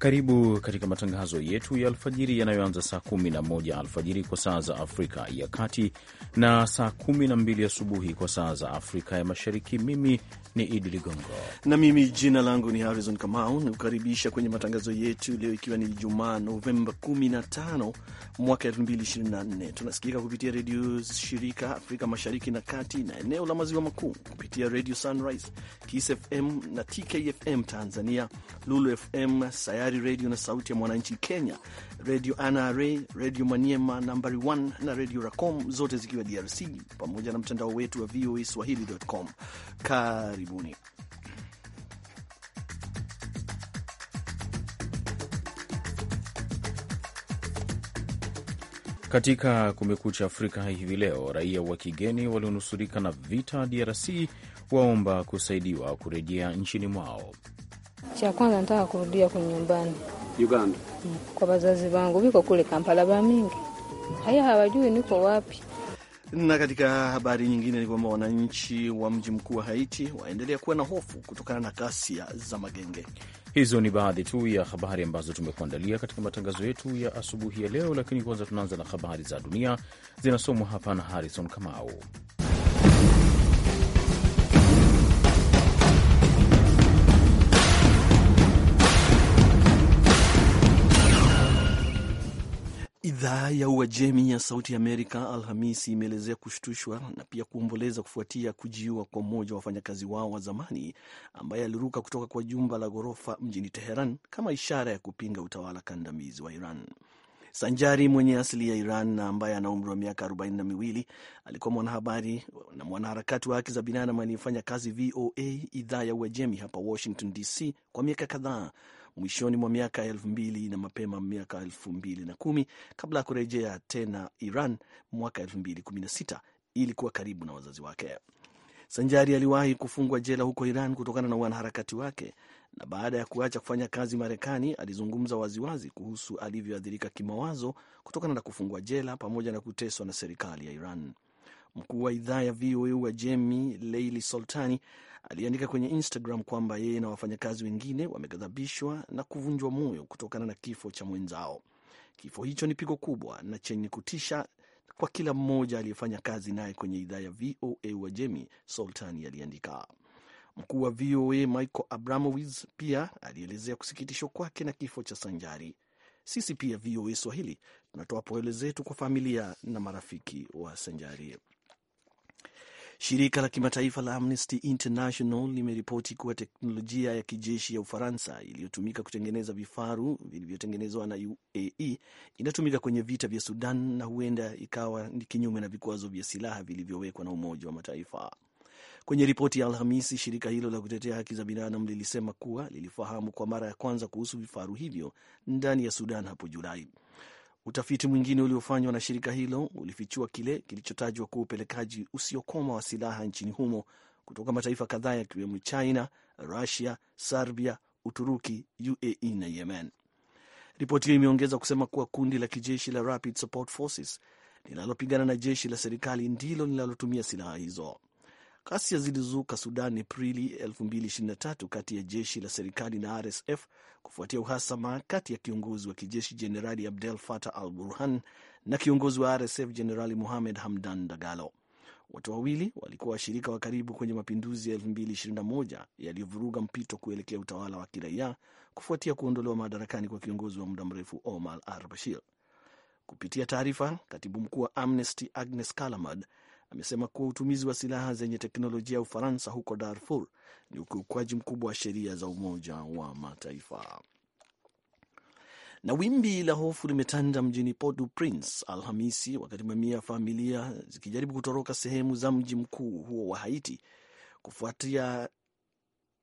Karibu katika matangazo yetu ya alfajiri yanayoanza saa 11 alfajiri kwa saa za Afrika ya Kati na saa 12 asubuhi kwa saa za Afrika ya Mashariki. Mimi ni Idi Ligongo na mimi jina langu ni Harrison Kamau, nikukaribisha kwenye matangazo yetu leo, ikiwa ni Ijumaa Novemba 15 mwaka 2024. Tunasikika kupitia redio shirika Afrika Mashariki na Kati na eneo la Maziwa Makuu kupitia Radio Sunrise, KisFM na TKFM Tanzania, Lulu FM, Sayari Sayari Redio na Sauti ya Mwananchi Kenya, Redio NRA, Redio Maniema nambari 1 na Redio Racom, zote zikiwa DRC, pamoja na mtandao wetu wa VOA Swahili.com. Karibuni. Katika Kumekucha Afrika hivi leo, raia wa kigeni walionusurika na vita DRC waomba kusaidiwa kurejea nchini mwao. Cha kwanza nataka kurudia kwenye nyumbani Uganda, mm, kwa wazazi wangu viko kule Kampala, ba mingi haya hawajui niko wapi. Na katika habari nyingine ni kwamba wananchi wa mji mkuu wa Haiti waendelea kuwa na hofu kutokana na ghasia za magenge. Hizo ni baadhi tu ya habari ambazo tumekuandalia katika matangazo yetu ya asubuhi ya leo, lakini kwanza tunaanza na habari za dunia zinasomwa hapa na Harrison Kamau. Idhaa ya Uajemi ya Sauti Amerika Alhamisi imeelezea kushtushwa na pia kuomboleza kufuatia kujiua kwa mmoja wa wafanyakazi wao wa zamani ambaye aliruka kutoka kwa jumba la ghorofa mjini Teheran kama ishara ya kupinga utawala kandamizi wa Iran. Sanjari mwenye asili ya Iran na ambaye ana umri wa miaka arobaini na miwili alikuwa mwanahabari na mwanaharakati wa haki za binadamu aliyefanya kazi VOA idhaa ya Uajemi hapa Washington DC kwa miaka kadhaa mwishoni mwa miaka ya elfu mbili na mapema miaka elfu mbili na kumi kabla ya kurejea tena Iran mwaka elfu mbili kumi na sita ili kuwa karibu na wazazi wake. Sanjari aliwahi kufungwa jela huko Iran kutokana na wanaharakati wake, na baada ya kuacha kufanya kazi Marekani alizungumza waziwazi kuhusu alivyoathirika kimawazo kutokana na kufungwa jela pamoja na kuteswa na serikali ya Iran. Mkuu wa idhaa ya VOA wa Jemi Leili Soltani aliandika kwenye Instagram kwamba yeye na wafanyakazi wengine wameghadhabishwa na kuvunjwa moyo kutokana na kifo cha mwenzao. Kifo hicho ni pigo kubwa na chenye kutisha kwa kila mmoja aliyefanya kazi naye kwenye idhaa ya VOA wa Jemi, Soltani aliandika. Mkuu wa VOA Michael Abramowitz pia alielezea kusikitishwa kwake na kifo cha Sanjari. Sisi pia VOA Swahili tunatoa pole zetu kwa familia na marafiki wa Sanjari. Shirika la kimataifa la Amnesty International limeripoti kuwa teknolojia ya kijeshi ya Ufaransa iliyotumika kutengeneza vifaru vilivyotengenezwa na UAE inatumika kwenye vita vya Sudan na huenda ikawa ni kinyume na vikwazo vya silaha vilivyowekwa na Umoja wa Mataifa. Kwenye ripoti ya Alhamisi, shirika hilo la kutetea haki za binadamu lilisema kuwa lilifahamu kwa mara ya kwanza kuhusu vifaru hivyo ndani ya Sudan hapo Julai. Utafiti mwingine uliofanywa na shirika hilo ulifichua kile kilichotajwa kuwa upelekaji usiokoma wa silaha nchini humo kutoka mataifa kadhaa yakiwemo China, Rusia, Serbia, Uturuki, UAE na Yemen. Ripoti hiyo imeongeza kusema kuwa kundi la kijeshi la Rapid Support Forces linalopigana na jeshi la serikali ndilo linalotumia silaha hizo. Ghasia zilizuka Sudan Aprili 2023 kati ya jeshi la serikali na RSF kufuatia uhasama kati ya kiongozi wa kijeshi Jenerali Abdel Fattah al Burhan na kiongozi wa RSF Jenerali Mohamed Hamdan Dagalo. Watu wawili walikuwa washirika wa karibu kwenye mapinduzi ya 2021 yaliyovuruga mpito kuelekea utawala wa kiraia kufuatia kuondolewa madarakani kwa kiongozi wa muda mrefu Omar al Bashir. Kupitia taarifa, katibu mkuu wa Amnesty Agnes Callamard amesema kuwa utumizi wa silaha zenye teknolojia ya Ufaransa huko Darfur ni ukiukwaji mkubwa wa sheria za Umoja wa Mataifa. Na wimbi la hofu limetanda mjini Port-au-Prince Alhamisi, wakati mamia ya familia zikijaribu kutoroka sehemu za mji mkuu huo wa Haiti kufuatia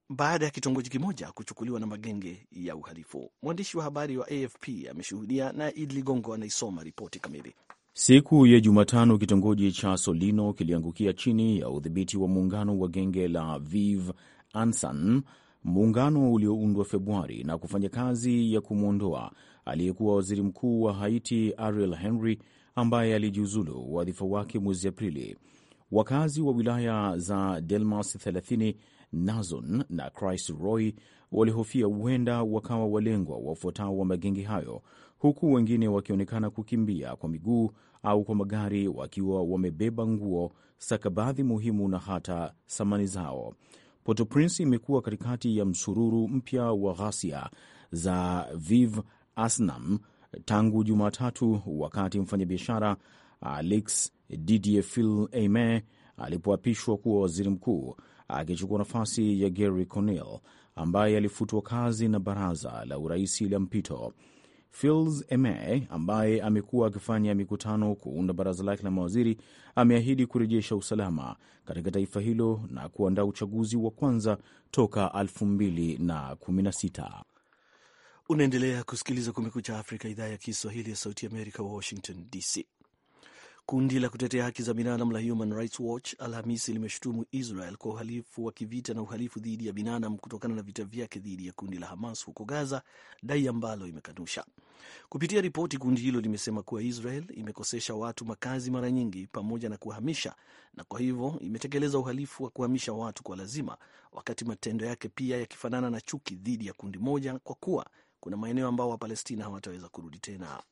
baada ya kitongoji kimoja kuchukuliwa na magenge ya uhalifu. Mwandishi wa habari wa AFP ameshuhudia, na Idi Ligongo anaisoma ripoti kamili. Siku ya Jumatano kitongoji cha Solino kiliangukia chini ya udhibiti wa muungano wa genge la Vive Ansan, muungano ulioundwa Februari na kufanya kazi ya kumwondoa aliyekuwa waziri mkuu wa Haiti Ariel Henry ambaye alijiuzulu wadhifa wake mwezi Aprili. Wakazi wa wilaya za Delmas 30, Nazon na Christ Roy walihofia huenda wakawa walengwa wafuatao wa magenge hayo, huku wengine wakionekana kukimbia kwa miguu au kwa magari wakiwa wamebeba nguo, stakabadhi muhimu na hata samani zao. Port-au-Prince imekuwa katikati ya msururu mpya wa ghasia za Vive Asnam tangu Jumatatu, wakati mfanyabiashara Alex Didier Fil-Aime alipoapishwa kuwa waziri mkuu akichukua nafasi ya Gary Conille ambaye alifutwa kazi na baraza la uraisi la mpito fils Eme ambaye amekuwa akifanya mikutano kuunda baraza lake la mawaziri ameahidi kurejesha usalama katika taifa hilo na kuandaa uchaguzi wa kwanza toka 2016. Unaendelea kusikiliza Kumekucha Afrika, idhaa ya Kiswahili ya Sauti ya Amerika, Washington DC. Kundi la kutetea haki za binadamu la Human Rights Watch Alhamisi limeshutumu Israel kwa uhalifu wa kivita na uhalifu dhidi ya binadamu kutokana na vita vyake dhidi ya kundi la Hamas huko Gaza, dai ambalo imekanusha. Kupitia ripoti, kundi hilo limesema kuwa Israel imekosesha watu makazi mara nyingi pamoja na kuhamisha na kwa hivyo imetekeleza uhalifu wa kuhamisha watu kwa lazima, wakati matendo yake pia yakifanana na chuki dhidi ya kundi moja, kwa kuwa kuna maeneo ambao Wapalestina hawataweza kurudi tena.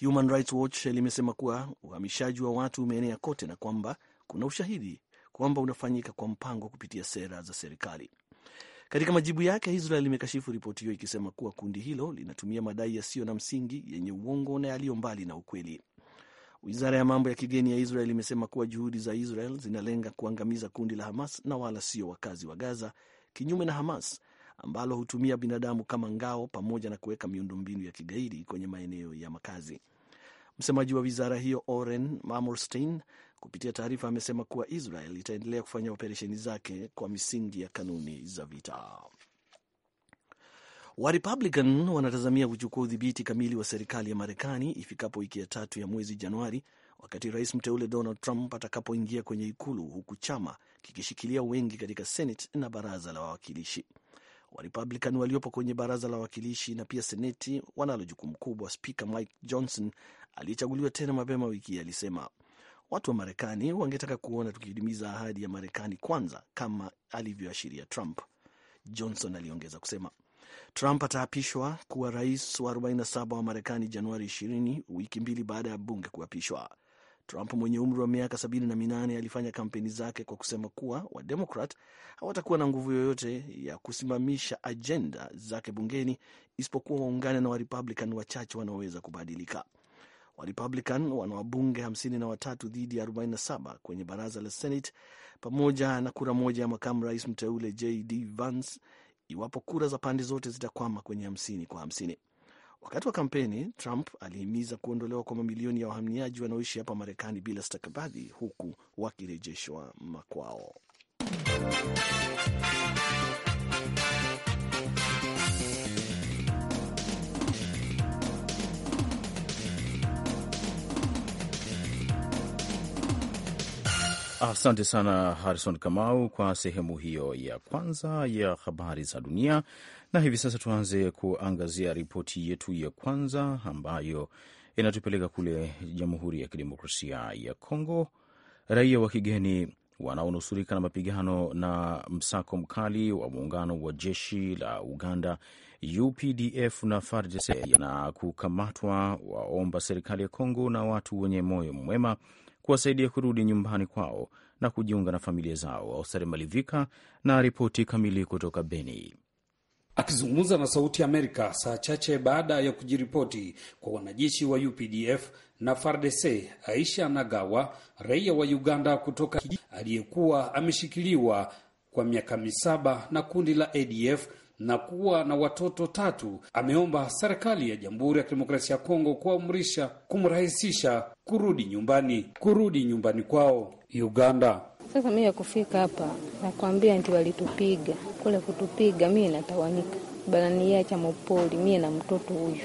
Human Rights Watch limesema kuwa uhamishaji wa watu umeenea kote na kwamba kuna ushahidi kwamba unafanyika kwa mpango kupitia sera za serikali. Katika majibu yake, Israel imekashifu ripoti hiyo ikisema kuwa kundi hilo linatumia madai yasiyo na msingi, yenye uongo na yaliyo mbali na ukweli. Wizara ya mambo ya kigeni ya Israel imesema kuwa juhudi za Israel zinalenga kuangamiza kundi la Hamas na wala sio wakazi wa Gaza, kinyume na Hamas ambalo hutumia binadamu kama ngao pamoja na kuweka miundombinu ya kigaidi kwenye maeneo ya makazi. Msemaji wa wizara hiyo Oren Mamorstein kupitia taarifa amesema kuwa Israel itaendelea kufanya operesheni zake kwa misingi ya kanuni za vita. Warepublican wanatazamia kuchukua udhibiti kamili wa serikali ya Marekani ifikapo wiki ya tatu ya mwezi Januari, wakati rais mteule Donald Trump atakapoingia kwenye Ikulu, huku chama kikishikilia wengi katika Senate na baraza la wawakilishi. Warepublican waliopo kwenye baraza la wawakilishi na pia seneti wanalo jukumu kubwa, spika Mike Johnson aliyechaguliwa tena mapema wiki hii alisema watu wa Marekani wangetaka kuona tukihudimiza ahadi ya Marekani kwanza kama alivyoashiria Trump. Johnson aliongeza kusema Trump ataapishwa kuwa rais wa 47 wa Marekani Januari 20, wiki mbili baada ya bunge kuapishwa. Trump mwenye umri wa miaka minane alifanya kampeni zake kwa kusema kuwa Wademokrat hawatakuwa na nguvu yoyote ya kusimamisha ajenda zake bungeni isipokuwa waungane na Warepublican wachache wanaoweza kubadilika. Warepublican wana wabunge watatu dhidi ya 47 kwenye baraza la Senate pamoja na kura moja ya makamu rais mteule JD Vance iwapo kura za pande zote zitakwama kwenye hamsini kwa hamsini Wakati wa kampeni, Trump alihimiza kuondolewa kwa mamilioni ya wahamiaji wanaoishi hapa Marekani bila stakabadhi, huku wakirejeshwa makwao. Asante sana Harrison Kamau kwa sehemu hiyo ya kwanza ya habari za dunia. Na hivi sasa tuanze kuangazia ripoti yetu ya kwanza ambayo inatupeleka kule Jamhuri ya Kidemokrasia ya Kongo. Raia wa kigeni wanaonusurika na mapigano na msako mkali wa muungano wa jeshi la Uganda UPDF na FARDC na kukamatwa, waomba serikali ya Kongo na watu wenye moyo mwema kuwasaidia kurudi nyumbani kwao na kujiunga na familia zao. Austari Malivika na ripoti kamili kutoka Beni. Akizungumza na Sauti ya Amerika saa chache baada ya kujiripoti kwa wanajeshi wa UPDF na FARDC, Aisha Nagawa, raia wa Uganda kutoka aliyekuwa ameshikiliwa kwa miaka misaba na kundi la ADF na kuwa na watoto tatu, ameomba serikali ya Jamhuri ya Kidemokrasia ya Kongo kuamrisha kumrahisisha kurudi nyumbani, kurudi nyumbani kwao Uganda. Sasa mi kufika hapa, nakwambia nti walitupiga kule, kutupiga mi natawanika banania mopoli, mie na mtoto huyu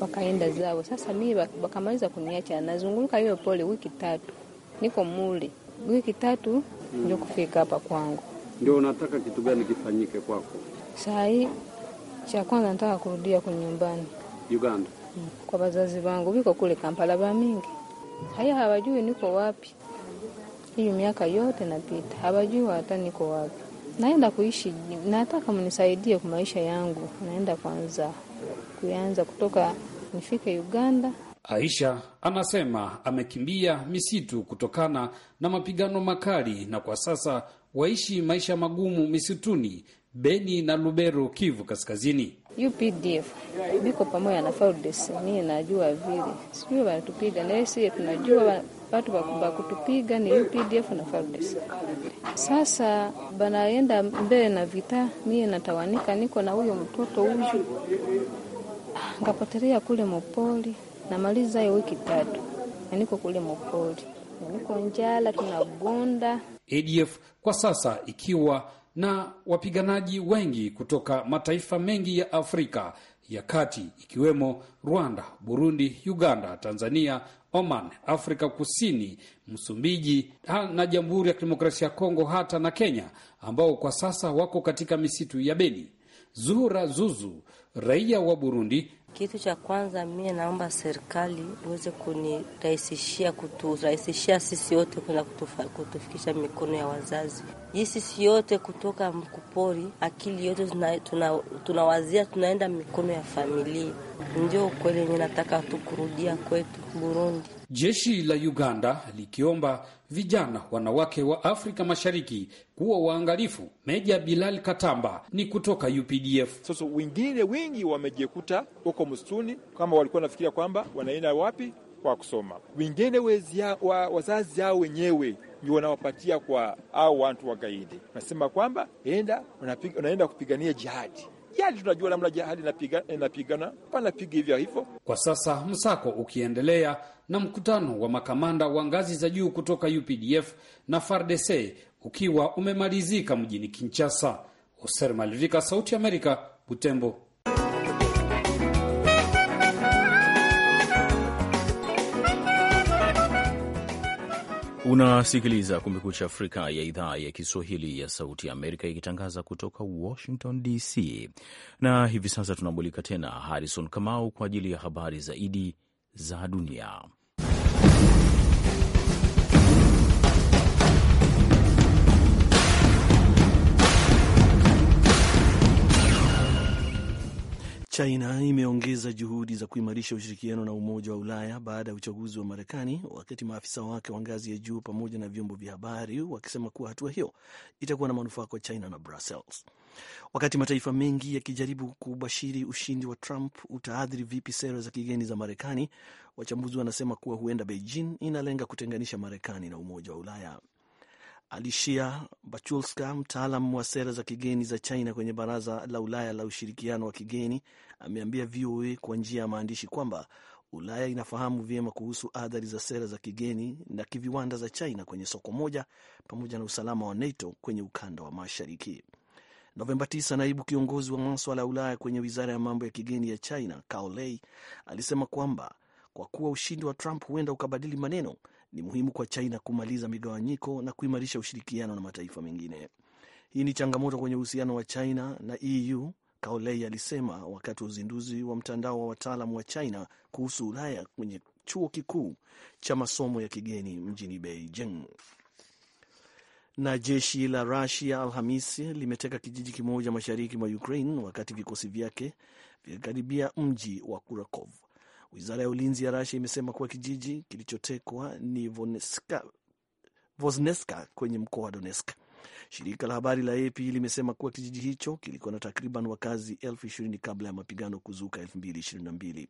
wakaenda zao. Sasa mi wakamaliza kuniacha, nazunguluka hiyo pole wiki tatu, niko muli wiki tatu ndio kufika hapa kwangu. Ndio unataka kitu gani kifanyike kwako? Saa hii cha kwanza nataka kurudia kwenye nyumbani Uganda, mm, kwa wazazi wangu, biko kule Kampala ba mingi haya hawajui niko wapi. Hiyo miaka yote napita, hawajui hata niko wapi. Naenda kuishi, nataka mnisaidie kwa maisha yangu. Naenda kwanza kuanza kutoka nifike Uganda. Aisha anasema amekimbia misitu kutokana na mapigano makali na kwa sasa waishi maisha magumu misituni Beni na Lubero, Kivu Kaskazini. UPDF biko pamoja na FARDC, mimi najua vile sijui wanatupiga na sisi tunajua watu wakubwa kutupiga ni UPDF na FARDC. Sasa banaenda mbele na vita, mimi natawanika, niko na huyo mtoto huyu ngapotelea kule mopoli, namaliza hiyo wiki tatu na niko kule mopoli, niko njala, tunabunda. ADF kwa sasa ikiwa na wapiganaji wengi kutoka mataifa mengi ya Afrika ya kati ikiwemo Rwanda, Burundi, Uganda, Tanzania, Oman, Afrika Kusini, Msumbiji na Jamhuri ya Kidemokrasia ya Kongo, hata na Kenya, ambao kwa sasa wako katika misitu ya Beni. Zuhura Zuzu, raia wa Burundi, kitu cha kwanza mie naomba serikali iweze kunirahisishia, kuturahisishia sisi yote kuenda kutufikisha mikono ya wazazi hii sisi yote kutoka mkupori, akili yote tunawazia, tuna, tuna tunaenda mikono ya familia. Ndio ukweli, nataka tukurudia kwetu Burundi. Jeshi la Uganda likiomba vijana wanawake wa Afrika Mashariki kuwa waangalifu. Meja Bilal Katamba ni kutoka UPDF. Sasa wengine wengi wamejikuta huko msituni, kama walikuwa wanafikiria kwamba wanaenda wapi kwa kusoma. Wengine wa, wazazi hao wenyewe ni wanawapatia kwa au watu wagaidi, nasema kwamba enda unaenda kupigania jihadi hajali, tunajua namna jihadi inapigana, panapiga hivyo hivyo. Kwa sasa msako ukiendelea na mkutano wa makamanda wa ngazi za juu kutoka UPDF na FARDC ukiwa umemalizika mjini Kinshasa. Hoser Malivika, Sauti ya Amerika, Butembo. Unasikiliza Kumekucha Afrika ya idhaa ya Kiswahili ya Sauti ya Amerika ikitangaza kutoka Washington DC, na hivi sasa tunamulika tena Harrison Kamau kwa ajili ya habari zaidi za dunia. China imeongeza juhudi za kuimarisha ushirikiano na Umoja wa Ulaya baada ya uchaguzi wa Marekani, wakati maafisa wake wa ngazi ya juu pamoja na vyombo vya habari wakisema kuwa hatua hiyo itakuwa na manufaa kwa China na Brussels. Wakati mataifa mengi yakijaribu kubashiri ushindi wa Trump utaathiri vipi sera za kigeni za Marekani, wachambuzi wanasema kuwa huenda Beijing inalenga kutenganisha Marekani na Umoja wa Ulaya. Alicia Bachulska, mtaalam wa sera za kigeni za China kwenye Baraza la Ulaya la Ushirikiano wa Kigeni, ameambia VOA kwa njia ya maandishi kwamba Ulaya inafahamu vyema kuhusu athari za sera za kigeni na kiviwanda za China kwenye soko moja pamoja na usalama wa NATO kwenye ukanda wa mashariki. Novemba 9, naibu kiongozi wa maswala ya Ulaya kwenye wizara ya mambo ya kigeni ya China Cao Lei alisema kwamba kwa kuwa ushindi wa Trump huenda ukabadili maneno, ni muhimu kwa China kumaliza migawanyiko na kuimarisha ushirikiano na mataifa mengine. Hii ni changamoto kwenye uhusiano wa China na EU, Kaolei alisema wakati wa uzinduzi wa mtandao wa wataalam wa China kuhusu Ulaya kwenye chuo kikuu cha masomo ya kigeni mjini Beijing. Na jeshi la Rusia Alhamisi limeteka kijiji kimoja mashariki mwa Ukraine wakati vikosi vyake vikikaribia mji wa Kurakov. Wizara ya ulinzi ya Rasia imesema kuwa kijiji kilichotekwa ni Voneska, Vozneska kwenye mkoa wa Donetsk. Shirika la habari la AP limesema kuwa kijiji hicho kilikuwa na takriban wakazi elfu ishirini kabla ya mapigano kuzuka elfu mbili ishirini na mbili.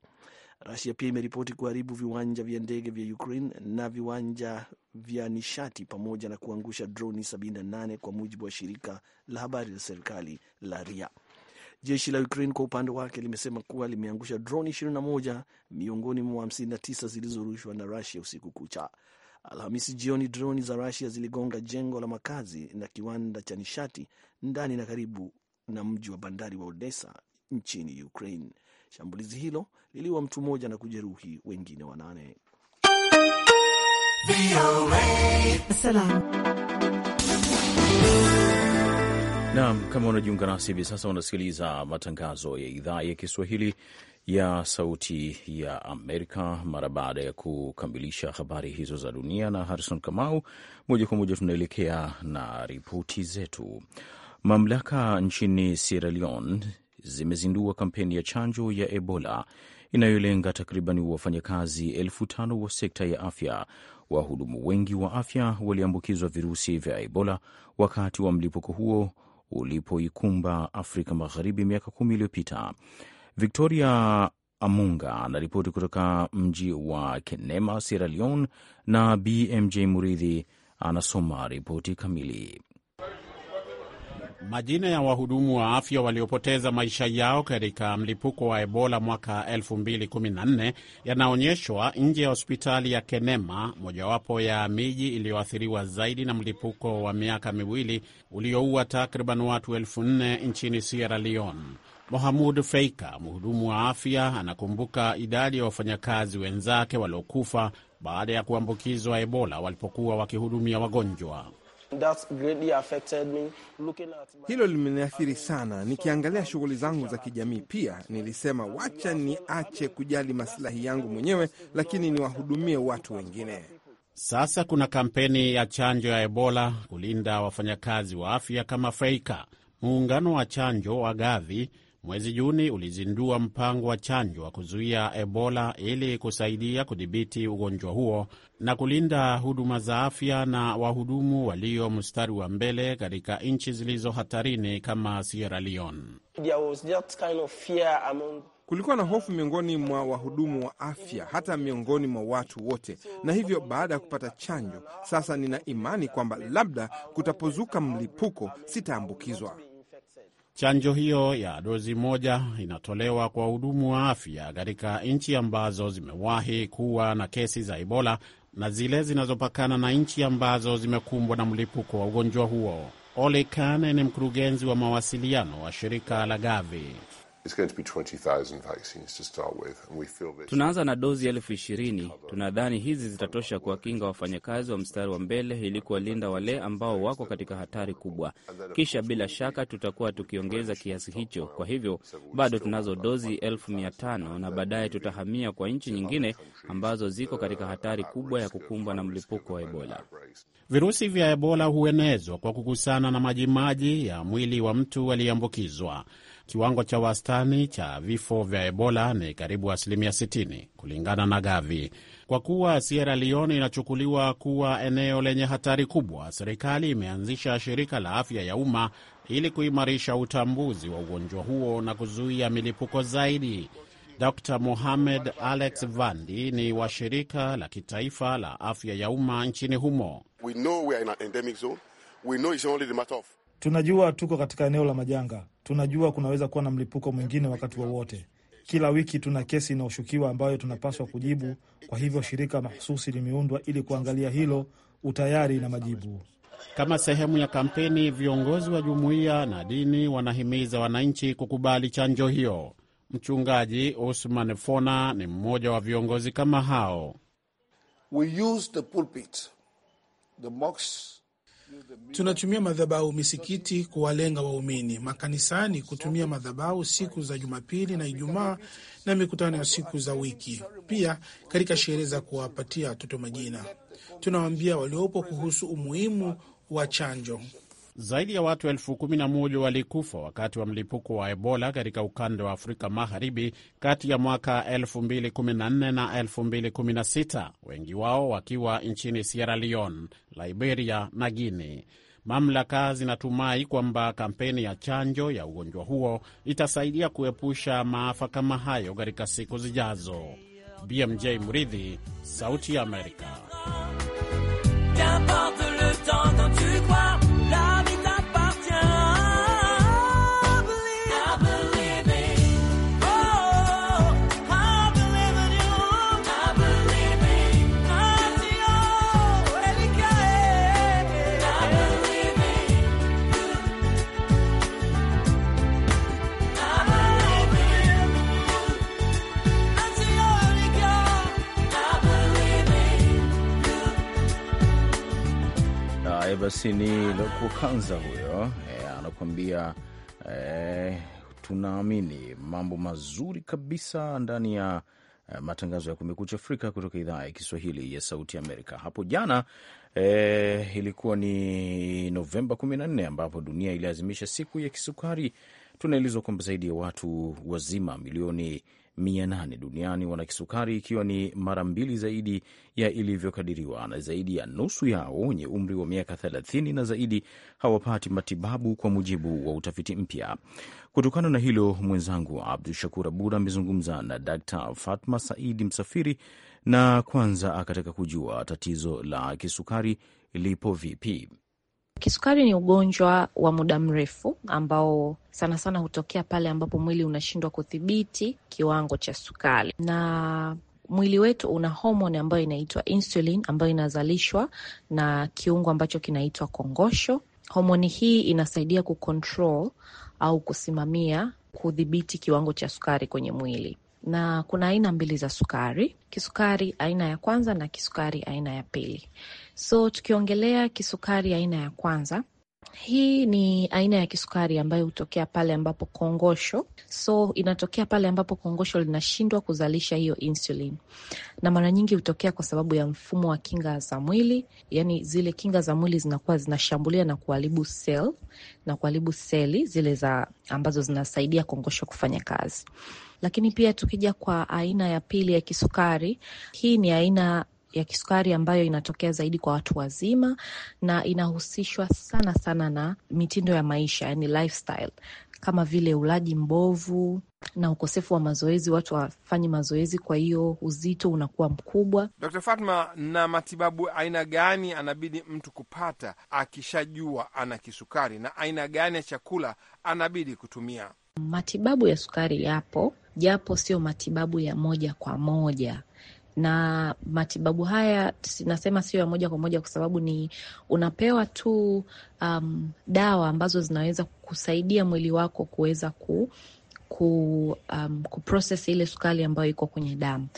Rasia pia imeripoti kuharibu viwanja vya ndege vya Ukraine na viwanja vya nishati pamoja na kuangusha droni 78 kwa mujibu wa shirika la habari la serikali la RIA. Jeshi la Ukraine kwa upande wake limesema kuwa limeangusha droni 21 miongoni mwa 59 zilizorushwa na Rusia usiku kucha. Alhamisi jioni, droni za Rusia ziligonga jengo la makazi na kiwanda cha nishati ndani na karibu na mji wa bandari wa Odessa nchini Ukraine. Shambulizi hilo liliua mtu mmoja na kujeruhi wengine wanane. Naam, kama unajiunga nasi hivi sasa, unasikiliza matangazo ya idhaa ya Kiswahili ya Sauti ya Amerika mara baada ya kukamilisha habari hizo za dunia na Harrison Kamau. Moja kwa moja tunaelekea na ripoti zetu. Mamlaka nchini Sierra Leone zimezindua kampeni ya chanjo ya Ebola inayolenga takriban wafanyakazi elfu tano wa sekta ya afya. Wahudumu wengi wa afya waliambukizwa virusi vya Ebola wakati wa mlipuko huo ulipoikumba Afrika Magharibi miaka kumi iliyopita. Victoria Amunga anaripoti kutoka mji wa Kenema, Sierra Leone, na BMJ Muridhi anasoma ripoti kamili. Majina ya wahudumu wa afya waliopoteza maisha yao katika mlipuko wa Ebola mwaka 2014 yanaonyeshwa nje ya hospitali ya Kenema, mojawapo ya miji iliyoathiriwa zaidi na mlipuko wa miaka miwili ulioua takriban watu elfu nne nchini Sierra Leone. Mohamud Feika, mhudumu wa afya, anakumbuka idadi ya wafanyakazi wenzake waliokufa baada ya kuambukizwa Ebola walipokuwa wakihudumia wagonjwa. Hilo limeniathiri sana. Nikiangalia shughuli zangu za kijamii pia, nilisema wacha niache kujali masilahi yangu mwenyewe, lakini niwahudumie watu wengine. Sasa kuna kampeni ya chanjo ya Ebola kulinda wafanyakazi wa afya kama Feika, muungano wa chanjo wa Gavi mwezi Juni ulizindua mpango wa chanjo wa kuzuia Ebola ili kusaidia kudhibiti ugonjwa huo na kulinda huduma za afya na wahudumu walio mstari wa mbele katika nchi zilizo hatarini kama Sierra Leone. kulikuwa na hofu miongoni mwa wahudumu wa afya, hata miongoni mwa watu wote, na hivyo baada ya kupata chanjo sasa, nina imani kwamba labda kutapozuka mlipuko sitaambukizwa. Chanjo hiyo ya dozi moja inatolewa kwa wahudumu wa afya katika nchi ambazo zimewahi kuwa na kesi za Ebola na zile zinazopakana na nchi ambazo zimekumbwa na mlipuko wa ugonjwa huo. Ole Kane ni mkurugenzi wa mawasiliano wa shirika la Gavi. Tunaanza na dozi elfu ishirini. Tunadhani hizi zitatosha kuwakinga wafanyakazi wa mstari wa mbele ili kuwalinda wale ambao wako katika hatari kubwa. Kisha bila shaka tutakuwa tukiongeza kiasi hicho. Kwa hivyo bado tunazo dozi elfu mia tano na baadaye tutahamia kwa nchi nyingine ambazo ziko katika hatari kubwa ya kukumbwa na mlipuko wa Ebola. Virusi vya Ebola huenezwa kwa kukusana na majimaji ya mwili wa mtu aliyeambukizwa kiwango cha wastani cha vifo vya Ebola ni karibu asilimia 60 kulingana na Gavi. Kwa kuwa Sierra Leone inachukuliwa kuwa eneo lenye hatari kubwa, serikali imeanzisha shirika la afya ya umma ili kuimarisha utambuzi wa ugonjwa huo na kuzuia milipuko zaidi. Dr Mohamed Alex Vandi ni wa shirika la kitaifa la afya ya umma nchini humo. We know we are in an endemic zone. We know it's only the matter of... tunajua tuko katika eneo la majanga tunajua kunaweza kuwa na mlipuko mwingine wakati wowote wa kila wiki tuna kesi inayoshukiwa ambayo tunapaswa kujibu. Kwa hivyo shirika mahususi limeundwa ili kuangalia hilo, utayari na majibu. Kama sehemu ya kampeni, viongozi wa jumuiya na dini wanahimiza wananchi kukubali chanjo hiyo. Mchungaji Usman Fona ni mmoja wa viongozi kama hao. We use the pulpit, the mosque Tunatumia madhabahu misikiti kuwalenga waumini, makanisani kutumia madhabahu siku za Jumapili na Ijumaa na mikutano ya siku za wiki, pia katika sherehe za kuwapatia watoto majina. Tunawaambia waliopo kuhusu umuhimu wa chanjo. Zaidi ya watu elfu kumi na moja walikufa wakati wa mlipuko wa Ebola katika ukanda wa Afrika Magharibi kati ya mwaka 2014 na 2016, wengi wao wakiwa nchini Sierra Leone, Liberia na Guinea. Mamlaka zinatumai kwamba kampeni ya chanjo ya ugonjwa huo itasaidia kuepusha maafa kama hayo katika siku zijazo. BMJ Mridhi, Sauti ya Amerika. basi ni Lokukanza huyo eh, anakuambia e, tunaamini mambo mazuri kabisa ndani ya eh, matangazo ya Kumekucha Afrika kutoka idhaa ya Kiswahili ya Sauti Amerika. Hapo jana e, ilikuwa ni Novemba 14 ambapo dunia iliazimisha siku ya kisukari. Tunaelezwa kwamba zaidi ya watu wazima milioni 8 duniani wana kisukari, ikiwa ni mara mbili zaidi ya ilivyokadiriwa, na zaidi ya nusu yao wenye umri wa miaka 30 na zaidi hawapati matibabu, kwa mujibu wa utafiti mpya. Kutokana na hilo, mwenzangu Abdu Shakur Abud amezungumza na Dr Fatma Saidi Msafiri, na kwanza akataka kujua tatizo la kisukari lipo vipi. Kisukari ni ugonjwa wa muda mrefu ambao sana sana hutokea pale ambapo mwili unashindwa kudhibiti kiwango cha sukari na mwili wetu una homoni ambayo inaitwa insulin ambayo inazalishwa na kiungo ambacho kinaitwa kongosho. Homoni hii inasaidia kucontrol au kusimamia kudhibiti kiwango cha sukari kwenye mwili na kuna aina mbili za sukari, kisukari aina ya kwanza na kisukari aina ya pili. So tukiongelea kisukari aina ya kwanza hii ni aina ya kisukari ambayo hutokea pale ambapo kongosho, so inatokea pale ambapo kongosho linashindwa kuzalisha hiyo insulin, na mara nyingi hutokea kwa sababu ya mfumo wa kinga za mwili, yani zile kinga za mwili zinakuwa zinashambulia na kuharibu sel na kuharibu seli zile za ambazo zinasaidia kongosho kufanya kazi. Lakini pia tukija kwa aina ya pili ya kisukari, hii ni aina ya kisukari ambayo inatokea zaidi kwa watu wazima na inahusishwa sana sana na mitindo ya maisha, yani lifestyle, kama vile ulaji mbovu na ukosefu wa mazoezi. Watu wafanyi mazoezi, kwa hiyo uzito unakuwa mkubwa. Dr. Fatma, na matibabu aina gani anabidi mtu kupata akishajua ana kisukari na aina gani ya chakula anabidi kutumia? Matibabu ya sukari yapo, japo sio matibabu ya moja kwa moja na matibabu haya nasema sio ya moja kwa moja, kwa sababu ni unapewa tu um, dawa ambazo zinaweza kusaidia mwili wako kuweza ku ku, um, kuproses ile sukari ambayo iko kwenye damu.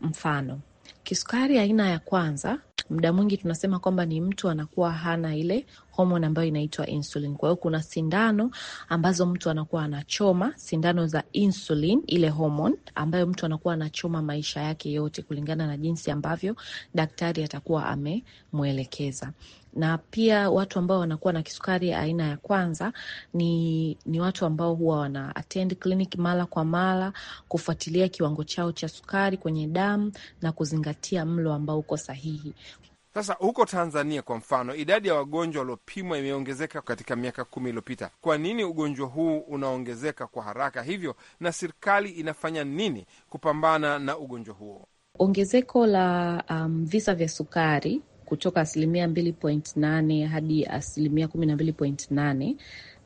Mfano kisukari aina ya kwanza muda mwingi tunasema kwamba ni mtu anakuwa hana ile homoni ambayo inaitwa insulin. Kwa hiyo kuna sindano ambazo mtu anakuwa anachoma, sindano za insulin, ile homoni ambayo mtu anakuwa anachoma maisha yake yote, kulingana na jinsi ambavyo daktari atakuwa amemwelekeza na pia watu ambao wanakuwa na kisukari aina ya kwanza ni, ni watu ambao huwa wana attend clinic mara kwa mara kufuatilia kiwango chao cha sukari kwenye damu na kuzingatia mlo ambao uko sahihi. Sasa huko Tanzania kwa mfano, idadi ya wagonjwa waliopimwa imeongezeka katika miaka kumi iliyopita. Kwa nini ugonjwa huu unaongezeka kwa haraka hivyo, na serikali inafanya nini kupambana na ugonjwa huo? Ongezeko la um, visa vya sukari kutoka asilimia 2.8 hadi asilimia 12.8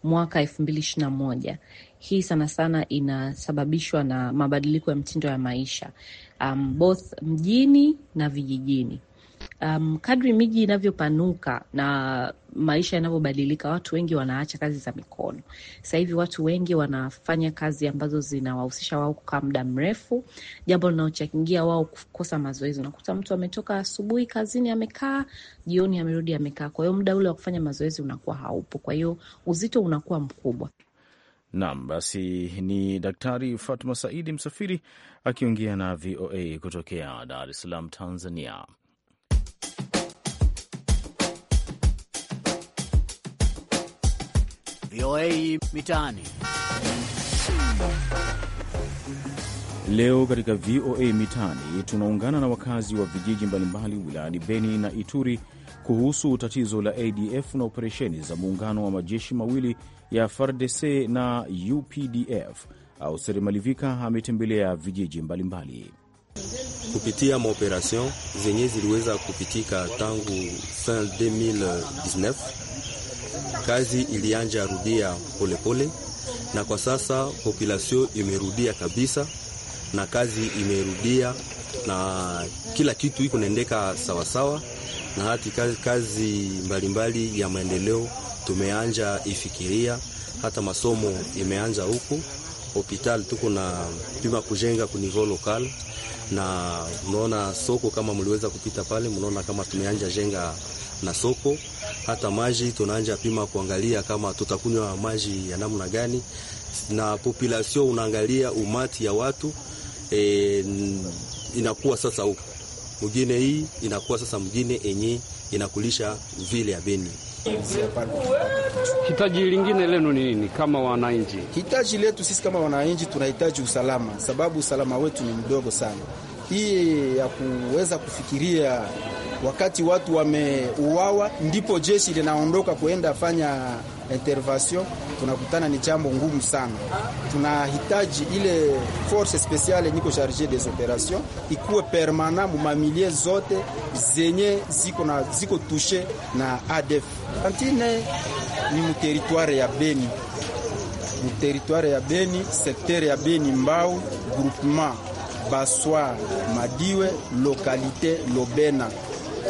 mwaka 2021. Hii sana sana inasababishwa na mabadiliko ya mtindo ya maisha um, both mjini na vijijini um, kadri miji inavyopanuka na maisha yanavyobadilika, watu wengi wanaacha kazi za mikono. Sasa hivi watu wengi wanafanya kazi ambazo zinawahusisha wao kukaa muda mrefu, jambo linalochangia wao kukosa mazoezi. Unakuta mtu ametoka asubuhi kazini amekaa, jioni amerudi amekaa, kwa hiyo muda ule wa kufanya mazoezi unakuwa haupo, kwa hiyo uzito unakuwa mkubwa. Naam, basi ni Daktari Fatma Saidi Msafiri akiongea na VOA kutokea Dar es Salaam, Tanzania. VOA Mitaani. Leo katika VOA Mitaani tunaungana na wakazi wa vijiji mbalimbali wilayani Beni na Ituri kuhusu tatizo la ADF na operesheni za muungano wa majeshi mawili ya FARDC na UPDF. Auseri Malivika ametembelea vijiji mbalimbali kupitia maoperasion zenye ziliweza kupitika tangu fin 2019 kazi ilianja kurudia polepole pole, na kwa sasa population imerudia kabisa na kazi imerudia na kila kitu iko naendeka sawasawa, na hati kazi mbalimbali mbali ya maendeleo tumeanja ifikiria, hata masomo imeanja huku hospital tuko na pima kujenga kunivou lokal, na mnaona soko kama mliweza kupita pale, mnaona kama tumeanja jenga na soko. Hata maji tunaanja pima kuangalia kama tutakunywa maji ya namna gani, na population unaangalia umati ya watu e, inakuwa sasa huko mgine hii inakuwa sasa mgine enye inakulisha vile ya Beni. Hitaji lingine lenu ni nini kama wananchi? Hitaji letu sisi kama wananchi tunahitaji usalama, sababu usalama wetu ni mdogo sana hii ya kuweza kufikiria wakati watu wameuawa ndipo jeshi linaondoka kuenda fanya intervention, tunakutana ni jambo ngumu sana. Tunahitaji ile force speciale niko charge des operations ikuwe permana mumamilie zote zenye ziko na ziko tushe na ADF. Kantine ni muteritware ya Beni, territoire ya Beni, secteur ya Beni Mbau groupement Baswar Madiwe, lokalite Lobena.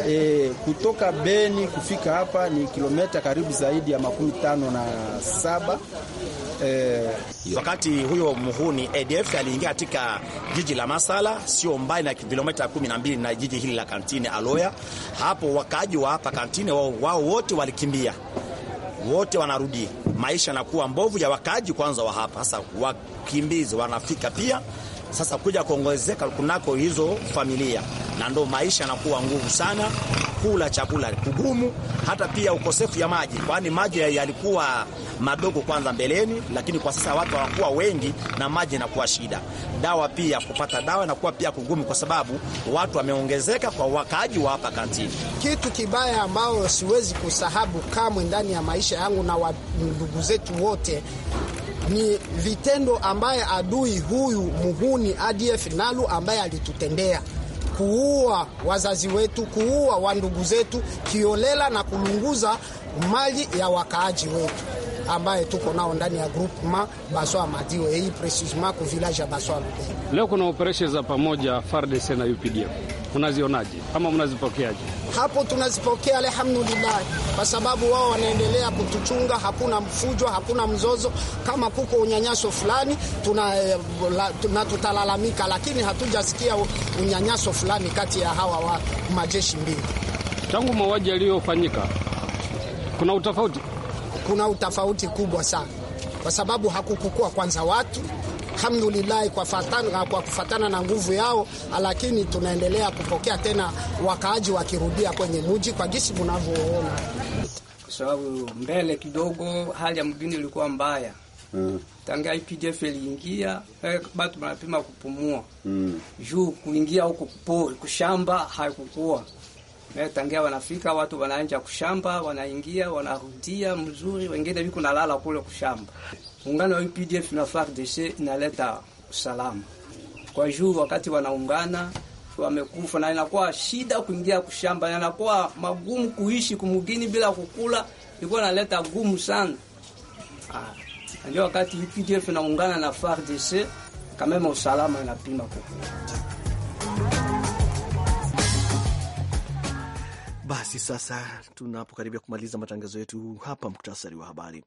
E, kutoka Beni kufika hapa ni kilomita karibu zaidi ya makumi tano na saba. E, wakati huyo muhuni ADF aliingia katika jiji la Masala, sio mbali na kilomita 12 na jiji hili la Kantine Aloya. Hapo wakaaji wa hapa Kantine wao, wa, wote walikimbia, wote wanarudi, maisha yanakuwa mbovu ya wakaaji kwanza wa hapa. Sasa wakimbizi wanafika pia sasa kuja kuongezeka kunako hizo familia, na ndo maisha yanakuwa nguvu sana, kula chakula kugumu, hata pia ukosefu ya maji, kwani maji yalikuwa madogo kwanza mbeleni, lakini kwa sasa watu wanakuwa wengi na maji inakuwa shida. Dawa pia kupata dawa inakuwa pia kugumu, kwa sababu watu wameongezeka kwa wakaaji wa hapa kantini. Kitu kibaya ambayo siwezi kusahabu kamwe ndani ya maisha yangu na ndugu zetu wote ni vitendo ambaye adui huyu muhuni ADF Nalu ambaye alitutendea kuua wazazi wetu, kuua wandugu zetu kiolela na kulunguza mali ya wakaaji wetu ambaye tuko nao ndani ya groupement Baswa Madiwe hii precisement ku village ya Baswa Lubei. Leo kuna operation za pamoja FARDC na UPDF, unazionaje ama mnazipokeaje? Hapo tunazipokea alhamdulillah, kwa sababu wao wanaendelea kutuchunga, hakuna mfujo, hakuna mzozo. Kama kuko unyanyaso fulani tuna, tuna tutalalamika, lakini hatujasikia unyanyaso fulani kati ya hawa wa majeshi mbili tangu mauaji yaliyofanyika. Kuna utofauti kuna utofauti kubwa sana, kwa sababu hakukukua kwanza watu Alhamdulillah, kwa fatana, kwa kufatana na nguvu yao, lakini tunaendelea kupokea tena wakaaji wakirudia kwenye muji kwa jisi mnavyoona, kwa sababu mbele kidogo hali ya mgini ilikuwa mbaya mm. Tangia IPDF iliingia eh, batu wanapima kupumua mm. Juu kuingia huko kushamba haikukua Eh, tangia wanafika watu wanaanja kushamba, wanaingia wanarudia mzuri, wengine viko nalala kule kushamba. Ungano wa UPDF na FARDC inaleta usalama kwa juu, wakati wanaungana wamekufa na inakuwa shida kuingia kushamba, inakuwa magumu kuishi kumugini bila kukula, ilikuwa naleta gumu sana. Ah, ndio wakati UPDF naungana na FARDC, kama usalama inapima kukula Basi sasa tunapokaribia kumaliza matangazo yetu hapa, muktasari wa habari.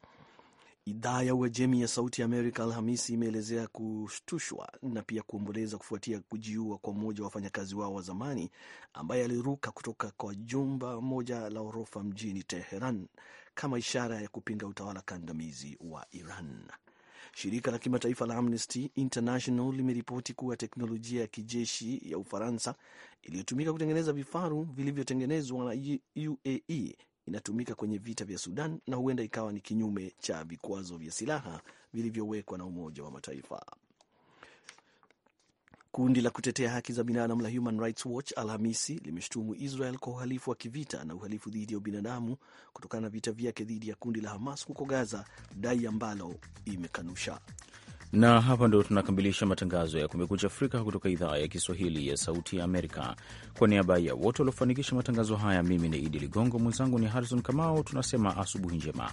Idhaa ya Uajemi ya Sauti ya Amerika Alhamisi imeelezea kushtushwa na pia kuomboleza kufuatia kujiua kwa mmoja wa wafanyakazi wao wa zamani ambaye aliruka kutoka kwa jumba moja la ghorofa mjini Teheran kama ishara ya kupinga utawala kandamizi wa Iran. Shirika la kimataifa la Amnesty International limeripoti kuwa teknolojia ya kijeshi ya Ufaransa iliyotumika kutengeneza vifaru vilivyotengenezwa na UAE inatumika kwenye vita vya Sudan na huenda ikawa ni kinyume cha vikwazo vya silaha vilivyowekwa na Umoja wa Mataifa. Kundi la kutetea haki za binadamu la Human Rights Watch Alhamisi limeshutumu Israel kwa uhalifu wa kivita na uhalifu dhidi ya ubinadamu kutokana na vita vyake dhidi ya kundi la Hamas huko Gaza, dai ambalo imekanusha. Na hapa ndo tunakamilisha matangazo ya Kumekucha Afrika kutoka idhaa ya Kiswahili ya Sauti ya Amerika. Kwa niaba ya wote waliofanikisha matangazo haya, mimi ni Idi Ligongo, mwenzangu ni Harrison Kamao. Tunasema asubuhi njema.